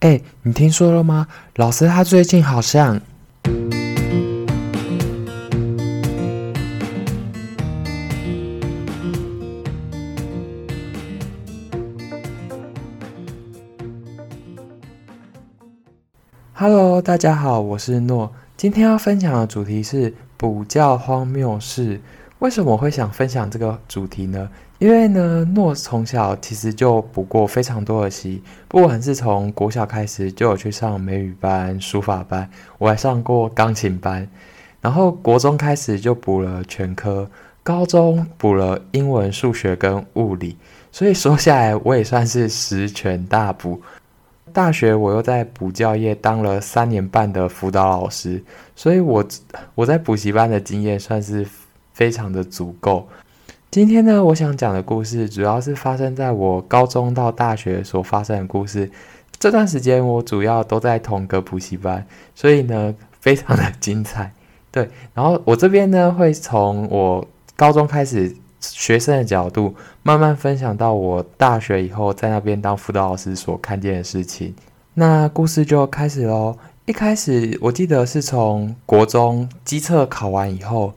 哎、欸，你聽說了嗎？老師他最近好像 ……Hello，大家好，我是諾，今天要分享的主題是補教荒謬事。為什麼會想分享這個主題呢？因為呢，諾從小其實就補過非常多的習，不管是從國小開始就有去上美語班、書法班，我還上過鋼琴班，然後國中開始就補了全科，高中補了英文、數學跟物理，所以說下來我也算是十全大補。大學我又在補教業當了三年半的輔導老師，所以我，我我在補習班的經驗算是。非常的足夠。今天呢，我想講的故事主要是發生在我高中到大學所發生的故事。這段時間我主要都在同個補習班，所以呢，非常的精彩。對，然後我這邊呢會從我高中開始學生的角度，慢慢分享到我大學以後在那邊當輔導老師所看見的事情。那故事就開始嘍。一開始我記得是從國中基測考完以後。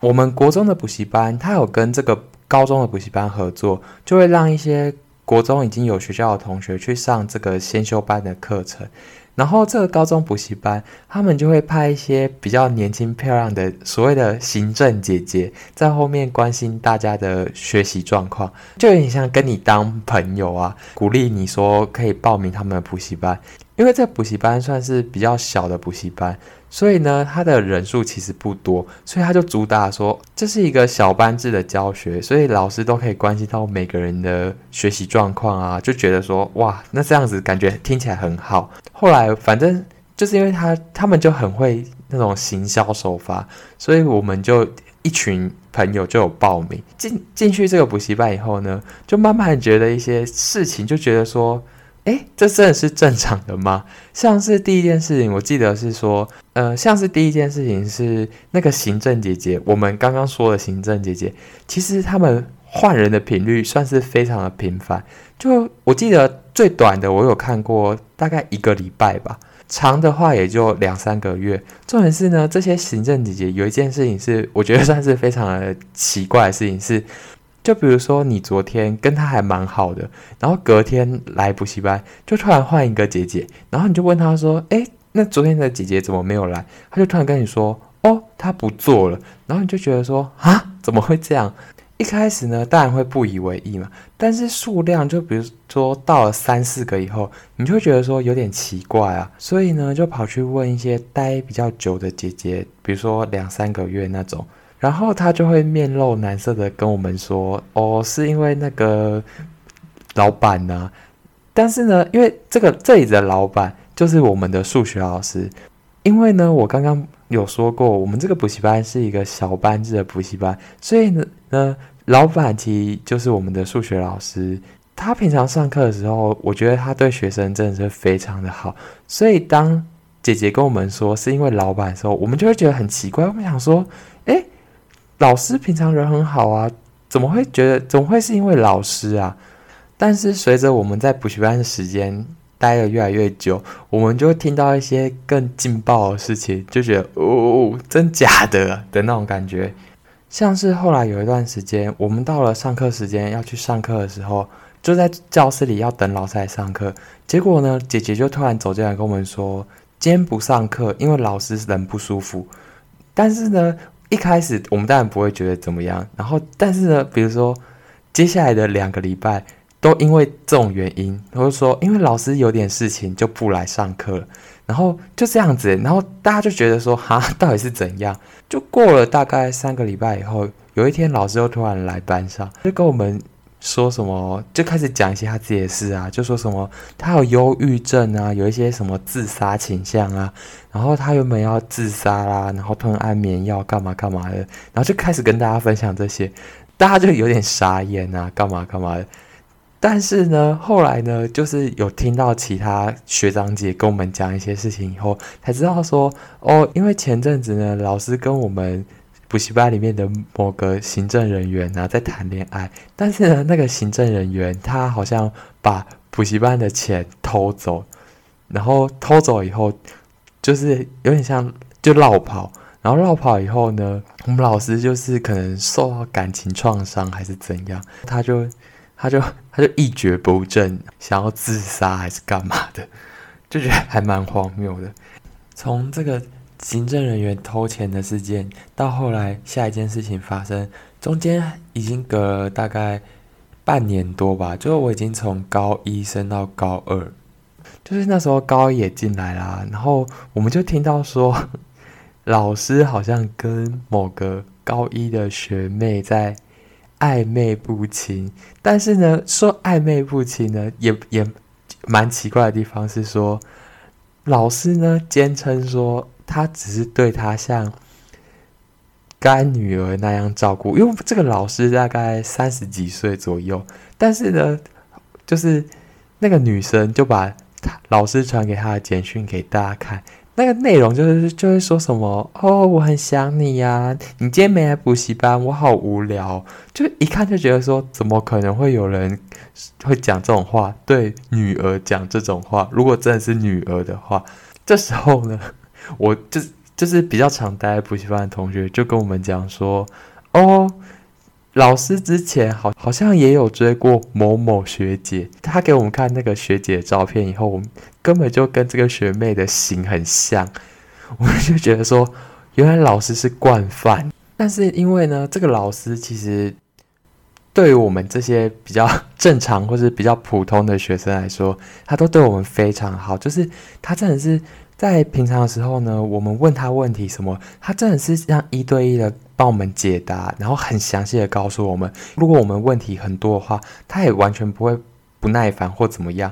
我們國中的補習班，他有跟這個高中的補習班合作，就會讓一些國中已經有學校的同學去上這個先修班的課程，然後這個高中補習班，他們就會派一些比較年輕漂亮的所謂的行政姐姐在後面關心大家的學習狀況，就有點像跟你當朋友啊，鼓勵你說可以報名他們的補習班，因為這補習班算是比較小的補習班。所以呢，他的人數其實不多，所以他就主打說，這是一個小班制的教學，所以老師都可以關心到每個人的學習狀況啊，就覺得說哇，那這樣子感覺聽起來很好。後來反正就是因為他他們就很會那種行銷手法，所以我們就一群朋友就有報名。進，進去這個補習班以後呢，就慢慢覺得一些事情就覺得說。欸，這真的是正常的嗎？像是第一件事情，我記得是說，呃，像是第一件事情是那個行政姐姐，我們剛剛說的行政姐姐，其實他們換人的頻率算是非常的頻繁。就我記得最短的，我有看過大概一個禮拜吧，長的話也就兩三個月。重點是呢，這些行政姐姐有一件事情是，我覺得算是非常的奇怪的事情是。就比如說，你昨天跟他還蠻好的，然後隔天來補習班，就突然換一個姐姐，然後你就問她說：“哎，那昨天的姐姐怎麼沒有來？”她就突然跟你說：“哦，她不做了。”然後你就覺得說：“啊，怎麼會這樣？”一開始呢，當然會不以為意嘛。但是數量，就比如說到了三四個以後，你就會覺得說有點奇怪啊。所以呢，就跑去問一些待比較久的姐姐，比如說兩三個月那種。然後他就會面露難色的跟我們說：“哦，是因為那個老闆吶、啊。”但是呢，因為這個這裡的老闆就是我們的數學老師。因為呢，我剛剛有說過，我們這個補習班是一個小班制的補習班，所以呢，呢老闆其實就是我們的數學老師。他平常上課的時候，我覺得他對學生真的是非常的好。所以當姐姐跟我們說是因為老闆的時候，我們就會覺得很奇怪。我們想說，誒……’老師平常人很好啊，怎麼會覺得，怎麼會是因為老師啊？但是隨着我們在補習班的時間待的越來越久，我們就會聽到一些更勁爆的事情，就覺得哦，真假的的那種感覺。像是後來有一段時間，我們到了上課時間要去上課的時候，就在教室裡要等老師來上課。結果呢，姐姐就突然走進來跟我們說，今天不上課，因為老師人不舒服。但是呢。一開始我們當然不會覺得怎麼樣，然後但是呢，比如說接下來的兩個禮拜都因為這種原因，或者說因為老師有點事情就不來上課了，然後就這樣子，然後大家就覺得說哈，到底是怎樣？就過了大概三個禮拜以後，有一天老師又突然來班上，就跟我們。說什麼就開始講一些他自己的事啊，就說什麼他有憂鬱症啊，有一些什麼自殺傾向啊，然後他原本要自殺啦、啊，然後吞安眠藥幹嘛幹嘛的，然後就開始跟大家分享這些，大家就有點傻眼吶、啊，幹嘛幹嘛的。但是呢，後來呢，就是有聽到其他學長姐跟我們講一些事情以後，才知道說哦，因為前陣子呢，老師跟我們。補習班裡面的某個行政人員、啊，然後在談戀愛，但是呢，那個行政人員他好像把補習班的錢偷走，然後偷走以後，就是有點像就落跑，然後落跑以後呢，我們老師就是可能受到感情創傷還是怎樣，他就他就他就一蹶不振，想要自殺還是幹嘛的，就覺得還蠻荒謬的，從這個。行政人員偷錢的事件，到後來下一件事情發生，中間已經隔了大概半年多吧。就是我已經從高一升到高二，就是那時候高一也進來啦。然後我們就聽到說，老師好像跟某個高一的學妹在曖昧不清。但是呢，說曖昧不清呢，也也蠻奇怪的地方是說，老師呢堅稱說。他只是對他像乾女兒那樣照顧，因為這個老師大概三十幾歲左右。但是呢，就是那個女生就把老師傳給她的簡訊給大家看，那個內容就是就會說什麼：“哦，我很想你呀，啊，你今天沒來補習班，我好無聊。”就一看就覺得說，怎麼可能會有人會講這種話？對女兒講這種話，如果真的是女兒的話，這時候呢？我就是就是比較常待補習班的同學，就跟我們講說，哦，老師之前好好像也有追過某某學姐，他給我們看那個學姐的照片以後，我們根本就跟這個學妹的型很像，我們就覺得說，原來老師是慣犯。但是因為呢，這個老師其實對於我們這些比較正常或是比較普通的學生來說，他都對我們非常好，就是他真的是。在平常的時候呢，我們問他問題什麼，他真的是這樣一對一的幫我們解答，然後很詳細的告訴我們。如果我們問題很多的話，他也完全不會不耐煩或怎麼樣，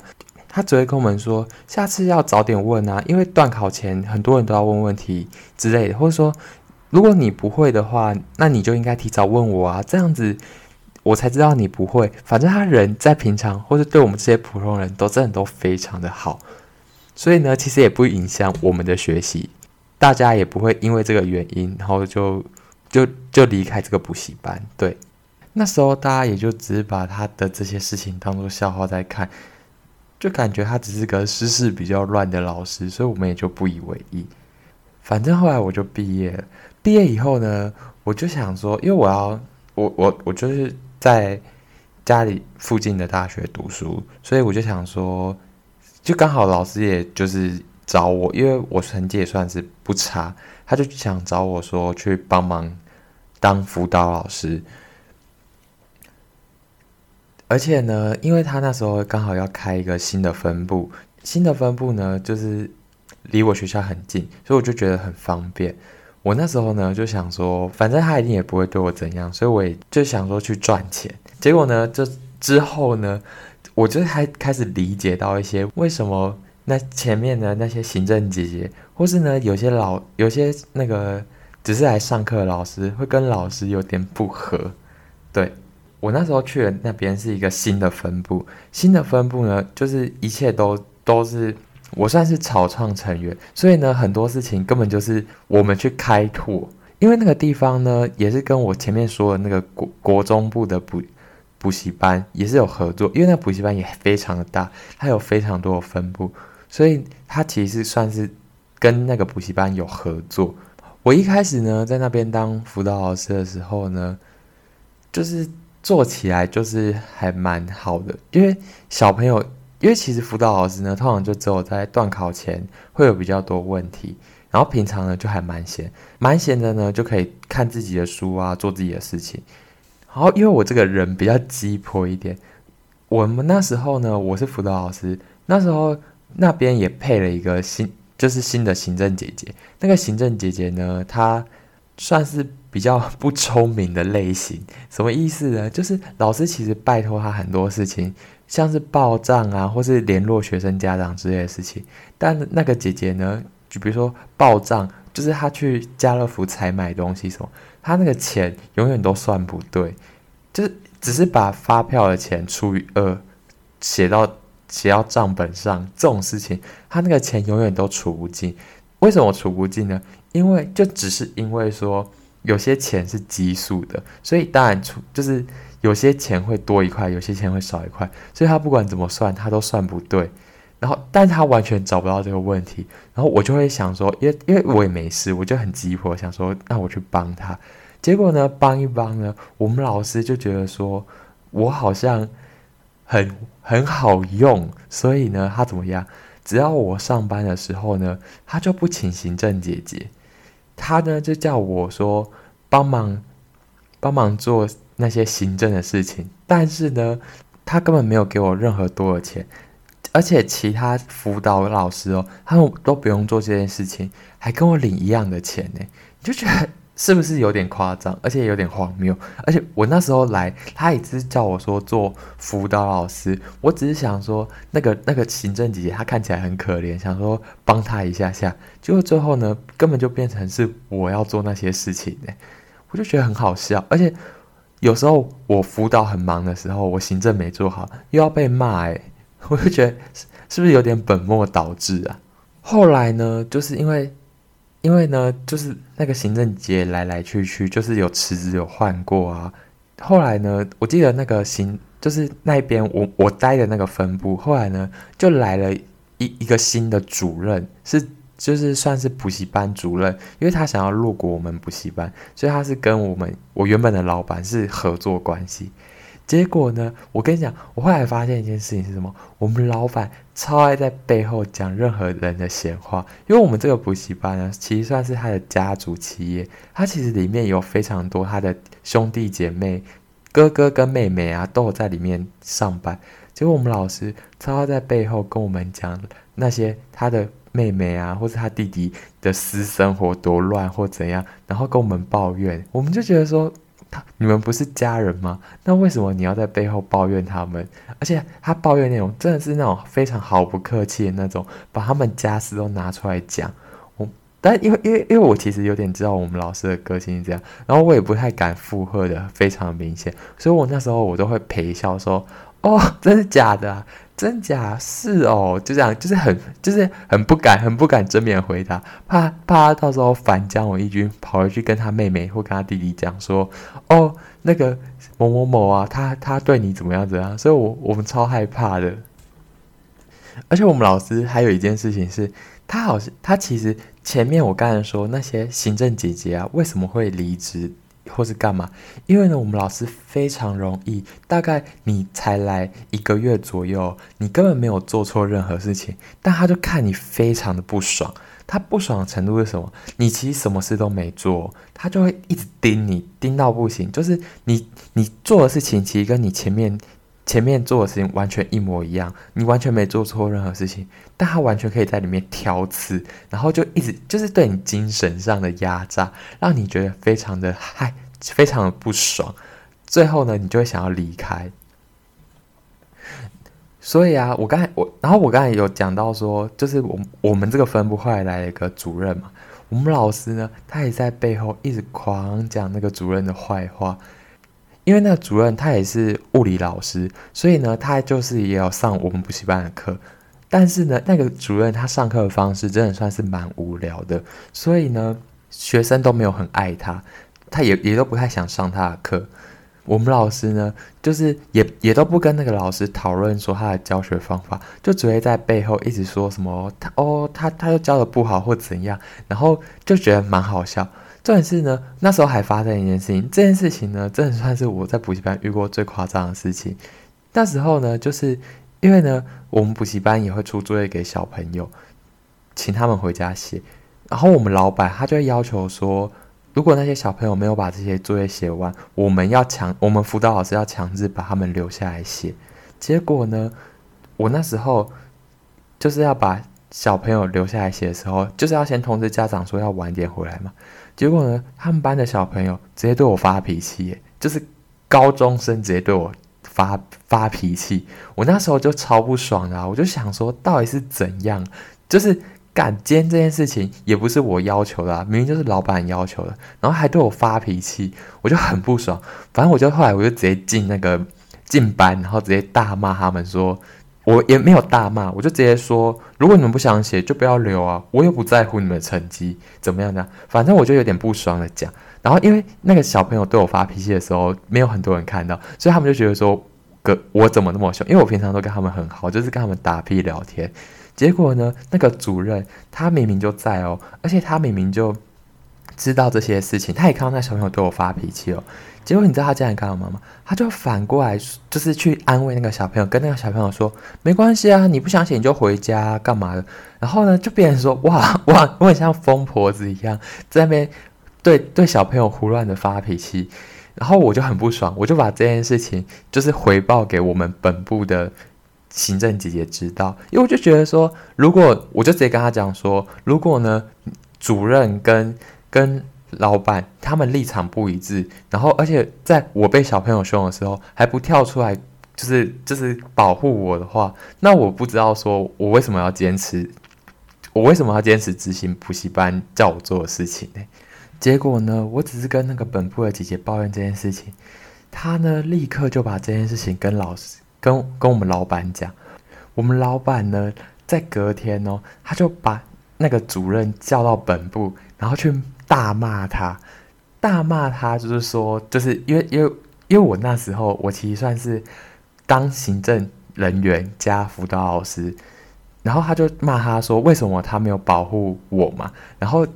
他只會跟我們說，下次要早點問啊，因為段考前很多人都要問問題之類的，或者說，如果你不會的話，那你就應該提早問我啊，這樣子我才知道你不會。反正他人在平常或是對我們這些普通人都真的都非常的好。所以呢，其實也不影響我們的學習，大家也不會因為這個原因，然後就就就離開這個補習班。對，那時候大家也就只把他的這些事情當做笑話在看，就感覺他只是個私事比較亂的老師，所以我們也就不以為意。反正後來我就畢業了，畢業以後呢，我就想說，因為我要我我我就是在家裡附近的大學讀書，所以我就想說。就剛好老師也就是找我，因為我成績也算是不差，他就想找我說去幫忙當輔導老師。而且呢，因為他那時候剛好要開一個新的分部，新的分部呢就是離我學校很近，所以我就覺得很方便。我那時候呢就想說，反正他一定也不會對我怎樣，所以我也就想說去賺錢。結果呢，這之後呢。我就還開始理解到一些為什麼那前面的那些行政姐姐，或是呢有些老有些那個只是來上課的老師會跟老師有點不合。對，我那時候去了那邊是一個新的分部，新的分部呢就是一切都都是我算是草創成員，所以呢很多事情根本就是我們去開拓，因為那個地方呢也是跟我前面說的那個國國中部的不。補習班也是有合作，因為那補習班也非常的大，它有非常多的分部。所以它其實算是跟那個補習班有合作。我一開始呢，在那邊當輔導老師的時候呢，就是做起來就是還蠻好的，因為小朋友，因為其實輔導老師呢，通常就只有在段考前會有比較多問題，然後平常呢就還蠻閒，蠻閒的呢，就可以看自己的書啊，做自己的事情。然後，因為我這個人比較雞婆一點，我們那時候呢，我是輔導老師，那時候那邊也配了一個新，就是新的行政姐姐。那個行政姐姐呢，她算是比較不聰明的類型。什麼意思呢？就是老師其實拜託她很多事情，像是報賬啊，或是聯絡學生家長之類的事情。但那個姐姐呢，就比如說報賬。就是他去家樂福才買東西什麼，他那個錢永遠都算不對，就是只是把發票的錢除以二，寫到寫到賬本上這種事情，他那個錢永遠都除不盡。為什麼除不盡呢？因為就只是因為說有些錢是奇數的，所以當然除就是有些錢會多一塊，有些錢會少一塊，所以他不管怎麼算，他都算不對。然後，但他完全找不到這個問題。然後我就會想說，因為因為我也沒事，我就很急迫想說，那我去幫他。結果呢，幫一幫呢，我們老師就覺得說，我好像很很好用，所以呢，他怎麼樣？只要我上班的時候呢，他就不請行政姐姐，他呢就叫我說幫忙幫忙做那些行政的事情。但是呢，他根本沒有給我任何多少錢。而且其他輔導老師哦，他都不用做這件事情，還跟我領一樣的錢呢，你就覺得是不是有點誇張，而且有點荒謬。而且我那時候來，他一直叫我說做輔導老師，我只是想說那個那個行政姐姐她看起來很可憐，想說幫她一下下。結果最後呢，根本就變成是我要做那些事情呢。我就覺得很好笑。而且有時候我輔導很忙的時候，我行政沒做好，又要被罵我就覺得是，是不是有點本末倒置啊？後來呢，就是因為，因為呢，就是那個行政姐來來去去，就是有辭職，有換過啊。後來呢，我記得那個行，就是那邊我我待的那個分部，後來呢，就來了一一個新的主任，是就是算是補習班主任，因為他想要入股我們補習班，所以他是跟我們我原本的老闆是合作關係。結果呢？我跟你講，我後來發現一件事情是什麼？我們老闆超愛在背後講任何人的閒話，因為我們這個補習班呢，其實算是他的家族企業，他其實裡面有非常多他的兄弟姐妹、哥哥跟妹妹啊，都有在裡面上班。結果我們老師超愛在背後跟我們講那些他的妹妹啊，或是他弟弟的私生活多亂或怎樣，然後跟我們抱怨，我們就覺得說。他，你們不是家人嗎？那為什麼你要在背後抱怨他們？而且他抱怨那種真的是那種非常毫不客氣的那種，把他們家事都拿出來講。我，但因為因為因為我其實有點知道我們老師的個性是這樣，然後我也不太敢附和的，非常明顯。所以，我那時候我都會陪笑說：“哦，真的假的啊。”真假？是哦，就這樣，就是很，就是很不敢，很不敢正面回答，怕怕他到時候反將我一軍，跑回去跟他妹妹或跟他弟弟講說，哦，那個某某某啊，他他對你怎麼樣怎麼樣。所以我，我我們超害怕的。而且，我們老師還有一件事情是，他好像他其實前面我剛才說那些行政姐姐啊，為什麼會離職？或是幹嘛？因為呢，我們老師非常容易，大概你才來一個月左右，你根本沒有做錯任何事情，但他就看你非常的不爽。他不爽的程度是什麼？你其實什麼事都沒做，他就會一直盯你，盯到不行。就是你，你做的事情其實跟你前面。前面做的事情完全一模一樣，你完全沒做錯任何事情，但他完全可以在裡面挑刺，然後就一直就是對你精神上的壓榨，讓你覺得非常的嗨，非常的不爽。最後呢，你就會想要離開。所以啊，我剛才我，然後我剛才有講到說，就是我們我們這個分部後來來了一個主任嘛，我們老師呢，他也在背後一直狂講那個主任的壞話。因為那個主任他也是物理老師，所以呢，他就是也有上我們補習班的課。但是呢，那個主任他上課的方式真的算是蠻無聊的，所以呢，學生都沒有很愛他，他也也都不太想上他的課。我們老師呢，就是也也都不跟那個老師討論說他的教學方法，就只會在背後一直說什麼他哦，他他就教得不好或怎樣，然後就覺得蠻好笑。重點是呢，那時候還發生一件事情，這件事情呢，真的算是我在補習班遇過最誇張的事情。那時候呢，就是因為呢，我們補習班也會出作業給小朋友，請他們回家寫。然後我們老闆他就會要求說，如果那些小朋友沒有把這些作業寫完，我們要強，我們輔導老師要強制把他們留下來寫。結果呢，我那時候就是要把小朋友留下來寫的時候，就是要先通知家長說要晚點回來嘛。結果呢？他們班的小朋友直接對我發脾氣耶，就是高中生直接對我發發脾氣。我那時候就超不爽啊！我就想說，到底是怎樣？就是敢尖這件事情也不是我要求的、啊，明明就是老板要求的，然後還對我發脾氣，我就很不爽。反正我就後來我就直接進那個進班，然後直接大罵他們說。我也沒有大罵，我就直接說：如果你們不想寫，就不要留啊！我又不在乎你們的成績怎麼樣的，啊，反正我就有點不爽的講。然後因為那個小朋友對我發脾氣的時候，沒有很多人看到，所以他們就覺得說：哥，我怎麼那麼兇？因為我平常都跟他們很好，就是跟他們打屁聊天。結果呢，那個主任他明明就在哦，而且他明明就知道這些事情，他也看到那小朋友對我發脾氣哦。結果你知道他這樣幹了什麼嗎？他就反過來，就是去安慰那個小朋友，跟那個小朋友說：“沒關係啊，你不想寫你就回家幹嘛的。”然後呢，就變成說：“哇哇，我很像瘋婆子一樣在那邊對對小朋友胡亂的發脾氣。”然後我就很不爽，我就把這件事情就是回報給我們本部的行政姐姐知道，因為我就覺得說，如果我就直接跟他講說，如果呢，主任跟跟。老闆他們立場不一致，然後而且在我被小朋友凶的時候還不跳出來，就是就是保護我的話，那我不知道說我為什麼要堅持，我為什麼要堅持執行補習班叫我做的事情呢？結果呢，我只是跟那個本部的姐姐抱怨這件事情，她呢立刻就把這件事情跟老師跟跟我們老闆講，我們老闆呢在隔天哦，他就把那個主任叫到本部，然後去。大罵他，大罵他，就是說，就是因為，因為，因為我那時候，我其實算是當行政人員加輔導老師，然後他就罵他說，為什麼他沒有保護我嘛？然後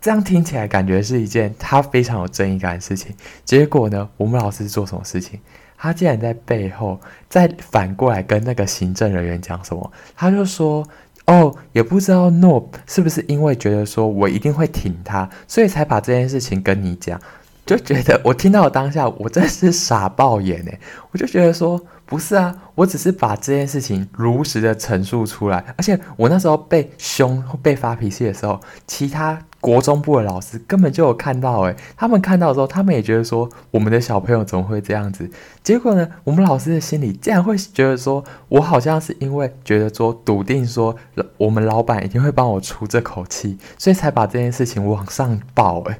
這樣聽起來感覺是一件他非常有正義感的事情。結果呢，我們老師是做什麼事情，他竟然在背後再反過來跟那個行政人員講什麼？他就說。哦，也不知道諾是不是因為覺得說我一定會挺他，所以才把這件事情跟你講。就覺得我聽到的當下，我真的是傻爆眼哎。我就覺得說不是啊，我只是把這件事情如實的陳述出來，而且我那時候被凶、被發脾氣的時候，其他國中部的老師根本就有看到哎。他們看到的時候，他們也覺得說我們的小朋友怎麼會這樣子？結果呢，我們老師的心裡竟然會覺得說，我好像是因為覺得說，篤定說我們老板一定會幫我出這口氣，所以才把這件事情往上報哎。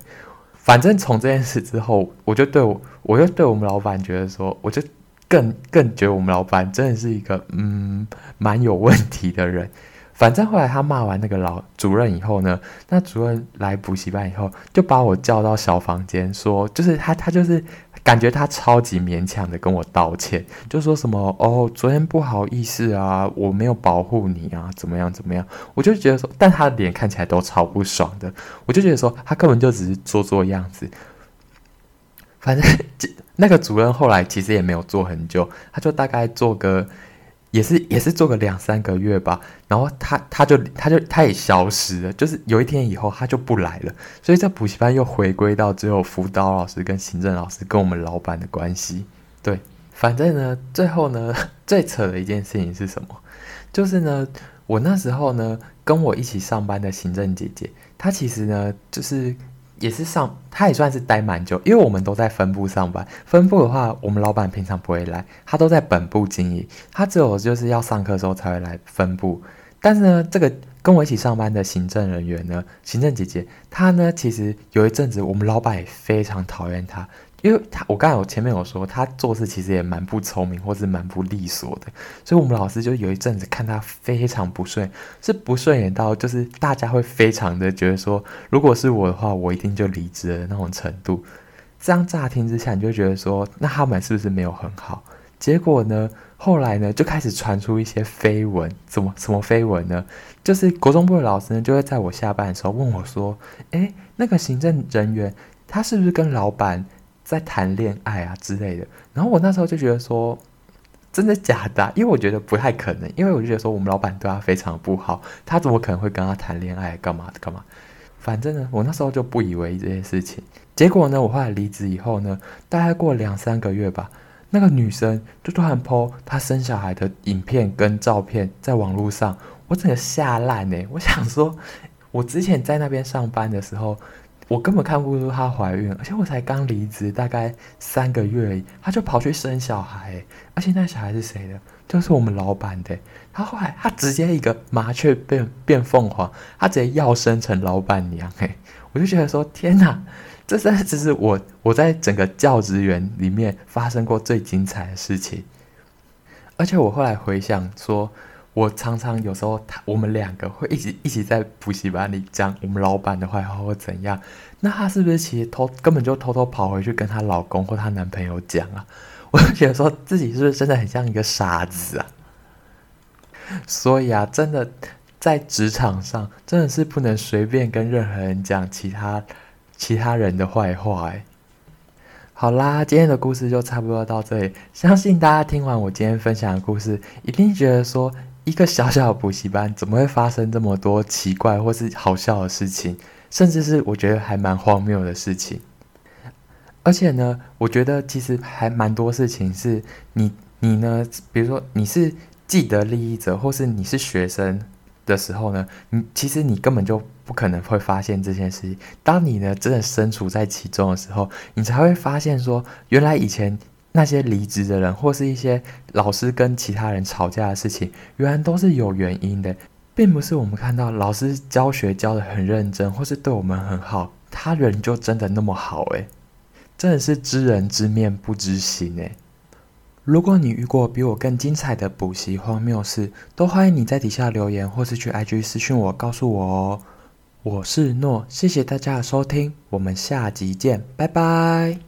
反正從這件事之後，我就對我，我就對我們老闆覺得說，我就更更覺得我們老闆真的是一個嗯，蠻有問題的人。反正後來他罵完那個老主任以後呢，那主任來補習班以後，就把我叫到小房間說，就是他他就是。感覺他超級勉強的跟我道歉，就說什麼哦，昨天不好意思啊，我沒有保護你啊，怎麼樣怎麼樣。我就覺得說，但他的臉看起來都超不爽的，我就覺得說，他根本就只是做做樣子。反正 那個主任後來其實也沒有做很久，他就大概做個。也是也是做個兩三個月吧，然後他他就他就，他就，他也消失了，就是有一天以後他就不來了，所以這補習班又回歸到只有輔導老師跟行政老師跟我們老闆的關係。對，反正呢，最後呢最扯的一件事情是什麼？就是呢，我那時候呢跟我一起上班的行政姐姐，她其實呢就是。也是上，他也算是待蠻久，因為我們都在分部上班。分部的話，我們老闆平常不會來，他都在本部經營，他只有就是要上課的時候才會來分部。但是呢，這個跟我一起上班的行政人員呢，行政姐姐，她呢，其實有一陣子我們老闆也非常討厭她。因為他，我剛才我前面有說，他做事其實也蠻不聰明，或是蠻不利索的，所以我們老師就有一陣子看他非常不順，是不順眼到就是大家會非常的覺得說，如果是我的話，我一定就離職的那種程度。這樣乍聽之下你就覺得說，那他們是不是沒有很好？結果呢，後來呢就開始傳出一些緋聞，怎麼什麼緋聞呢？就是國中部的老師呢，就會在我下班的時候問我說：“哎、欸，那個行政人員他是不是跟老板？”在談戀愛啊之類的，然後我那時候就覺得說，真的假的、啊？因為我覺得不太可能，因為我就覺得說我們老板對他非常不好，他怎麼可能會跟他談戀愛、啊、幹嘛幹嘛？反正呢，我那時候就不以為這件事情。結果呢，我後來離職以後呢，大概過兩三個月吧，那個女生就突然 po 她生小孩的影片跟照片在網絡上，我真的嚇爛呢、欸。我想說，我之前在那邊上班的時候。我根本看不出她懷孕，而且我才剛離職大概三個月而已，她就跑去生小孩，而且那小孩是誰的？就是我們老闆的。他後來他直接一個麻雀變變鳳凰，他直接要升成老闆娘。哎，我就覺得說天哪，這是……這是我我在整個教職員裡面發生過最精彩的事情。而且我後來回想說。我常常有時候他，他我們兩個會一起一起在補習班裡講我們老闆的壞話，或怎樣？那他是不是其實偷根本就偷偷跑回去跟她老公或她男朋友講啊？我就覺得說自己是不是真的很像一個傻子啊？所以啊，真的在職場上真的是不能隨便跟任何人講其他其他人的壞話哎。好啦，今天的故事就差不多到這裡，相信大家聽完我今天分享的故事，一定覺得說。一個小小的補習班，怎麼會發生這麼多奇怪或是好笑的事情？甚至是我覺得還蠻荒謬的事情。而且呢，我覺得其實還蠻多事情是你，你呢，比如說你是既得利益者，或是你是學生的時候呢，你其實你根本就不可能會發現這件事情。當你呢真的身處在其中的時候，你才會發現說，原來以前。那些離職的人，或是一些老師跟其他人吵架的事情，原來都是有原因的，並不是我們看到老師教學教得很認真，或是對我們很好，他人就真的那麼好哎，真的是知人知面不知心哎。如果你遇過比我更精彩的補習荒謬事，都歡迎你在底下留言，或是去 IG 私訊我，告訴我哦。我是諾，謝謝大家的收聽，我們下集見，拜拜。